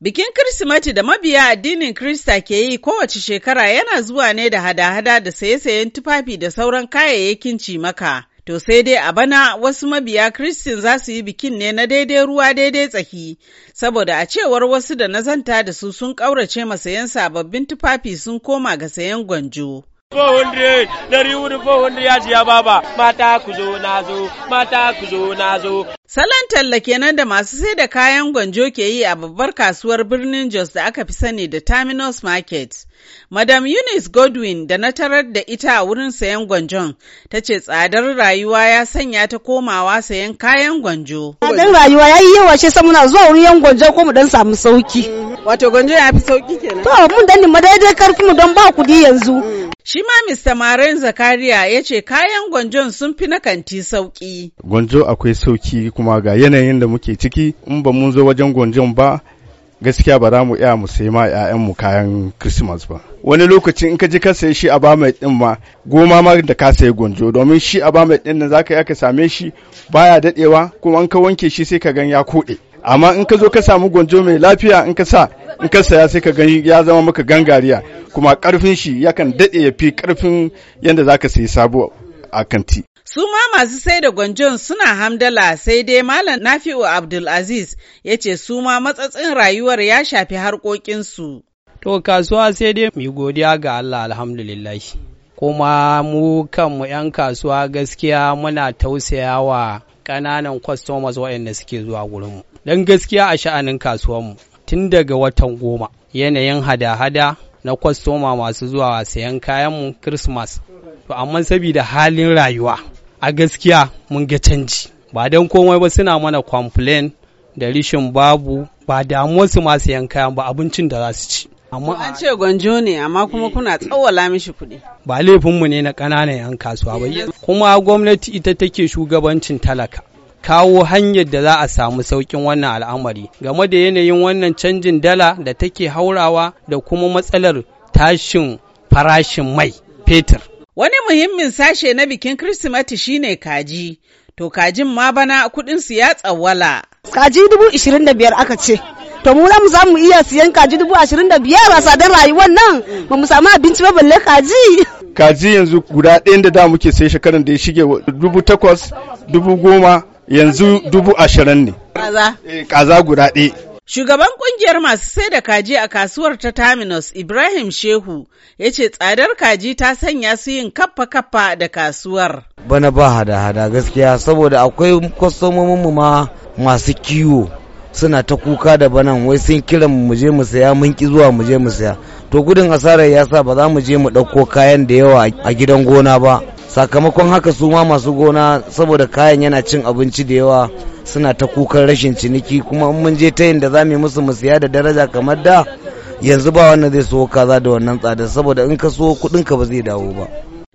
Bikin Kirsimeti da mabiya addinin Krista ke yi kowace shekara yana zuwa ne da hada-hada da saye-sayen tufafi da sauran kayayyakin cimaka. To sai dai a bana wasu mabiya Kristin za su yi bikin ne na daidai ruwa daidai tsaki, saboda a cewar wasu da nazanta da su sun ƙaurace masayan sababbin tufafi sun koma ga sayan gwanjo. 400 ya baba mata ku zo na zo mata ku zo na zo Salon talla kenan da masu sai da kayan gwanjo ke yi a babbar kasuwar birnin Jos da aka fi sani da Terminus Market. Madam Eunice Godwin da na tarar da ita a wurin sayan gwanjon ta ce tsadar rayuwa ya sanya ta komawa sayan kayan gwanjo. Tsadar rayuwa ya yi yawa shi muna zuwa wurin yan gwanjo ko mu dan samu sauki. Wato gwanjo ya fi sauki kenan. To mun dan ni madaidai karfi mu don ba kuɗi yanzu. Shi ma Mr. Maren Zakariya ya ce kayan gwanjon sun fi na kanti sauki. Gwanjo akwai sauki kuma ga yanayin da muke ciki in ba mun zo wajen gwanjon ba gaskiya ba za mu iya mu sayi ma mu kayan Christmas ba. Wani lokaci in ka ji ka sayi shi a mai ɗin ma goma ma da ka sayi gwanjo, domin shi a mai ɗin nan zaka ka same shi baya daɗewa kuma in ka wanke shi sai ka gan ya koɗe. Amma in ka zo ka samu gonjo mai lafiya in ka sa in ka saya sai ka gan ya zama maka gangariya kuma ƙarfin shi yakan daɗe ya fi ƙarfin yadda zaka sayi sabo a kanti. Su ma masu sai da gwanjon suna hamdala sai dai Malam Nafi'u Abdulaziz ya ce su ma matsatsin rayuwar ya shafi harkokinsu. To kasuwa sai dai mu godiya ga Allah alhamdulillah. Kuma mu kanmu 'yan kasuwa gaskiya muna tausaya wa ƙananan customers waɗanda suke zuwa gurinmu. Don gaskiya a sha'anin kasuwanmu tun daga watan goma yanayin hada-hada na kwastoma masu zuwa sayan kayanmu Christmas. To amma sabida halin rayuwa a gaskiya mun ga canji ba don komai ba suna mana complain da rishin babu ba damuwarsu masu yankayan ba abincin da za su ci amma an ce gwanjo ne amma kuma kuna tsawala mishi kuɗi ba laifinmu ne na ƙananan 'yan kasuwa ba kuma gwamnati ita take shugabancin talaka kawo hanyar da za a samu sauƙin wannan al'amari game da yanayin wannan canjin dala da take haurawa da kuma matsalar tashin farashin mai fetur Wani muhimmin sashe na bikin Kirsimeti shine kaji, to kajin ma bana kuɗinsu ya tsawwala. Kaji dubu ishirin da biyar aka ce. to mu za mu iya siyan kaji dubu ashirin da biyar a sadar rayuwar nan ba mu samu abinci ba balle kaji. kaji yanzu guda ɗayan da da muke sai shekaran da ya shige dubu takwas dubu goma yanzu dubu ashirin ne. kaza. Eh, kaza guda ɗaya. Shugaban kungiyar masu sai da kaji a kasuwar ta Terminus Ibrahim Shehu ya ce tsadar kaji ta sanya su yin kaffa-kaffa da kasuwar. Bana ba hada-hada gaskiya saboda akwai mu ma masu kiwo suna ta kuka da banan wai sun kiran mu je mu saya mun ki zuwa mu je mu saya to gudun asarar ya sa ba za mu je mu ɗauko kayan da yawa a gidan gona ba sakamakon haka su ma masu gona saboda kayan yana cin abinci da yawa suna ta kukan rashin ciniki kuma mun je ta yin da za mu yi musu musiya da daraja kamar da yanzu ba wannan zai so kaza da wannan tsada saboda in ka so ka ba zai dawo ba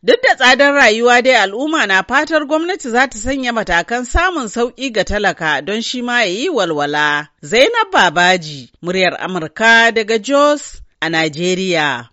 Duk da tsadar rayuwa dai al'umma na fatar gwamnati za ta sanya matakan samun sauƙi ga talaka don shi ma ya yi walwala. Zainab Babaji, muryar Amurka daga Jos a Najeriya.